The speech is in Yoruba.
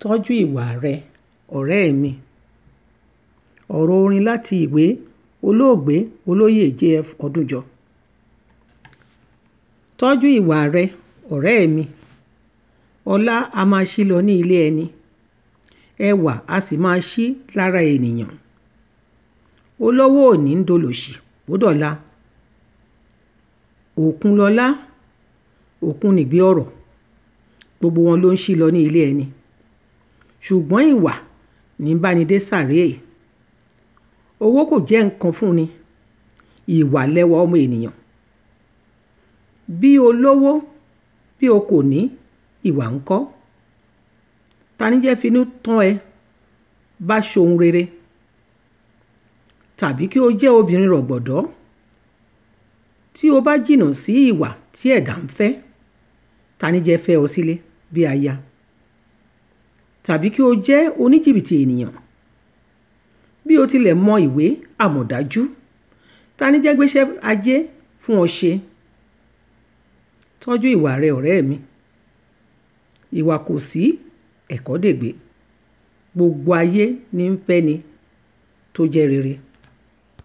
Tọ́jú ìwà rẹ, ọ̀rẹ́ mi. Ọ̀rọ̀ orin láti ìwé Olóògbé Olóyè JF Ọdúnjọ. Tọ́jú ìwà rẹ, ọ̀rẹ́ mi. Ọlá a máa ṣí lọ ní ilé ẹni, ẹwà a sì máa ṣí lára ènìyàn. Olówó ò ní dolòṣì, bó Òkun lọlá, òkun nìgbé ọ̀rọ̀. Gbogbo wọn ló ń ṣí lọ ní ilé ẹni ṣùgbọ́n ìwà ní bá ni dé sàréè owó kò jẹ́ nǹkan fún ni ìwà lẹwà ọmọ ènìyàn bí olówó bí o kò ní ìwà ńkọ́ tanijẹ́ finú tán ẹ bá ṣohun rere tàbí kí o jẹ́ obìnrin rọ̀gbọ̀dọ́ tí o bá jìnnà sí ìwà tí ẹ̀dá ń fẹ́ tanijẹ́ fẹ́ ọ sílé bí aya tàbí kí o jẹ́ oníjìbìtì ènìyàn bí o tilẹ̀ mọ ìwé àmọ̀dájú ta ní jẹ́ gbéṣẹ́ ajé fún ọ ṣe tọ́jú ìwà rẹ ọ̀rẹ́ mi ìwà kò sí ẹ̀kọ́ dègbé gbogbo ayé ní ń fẹ́ni tó jẹ́ rere.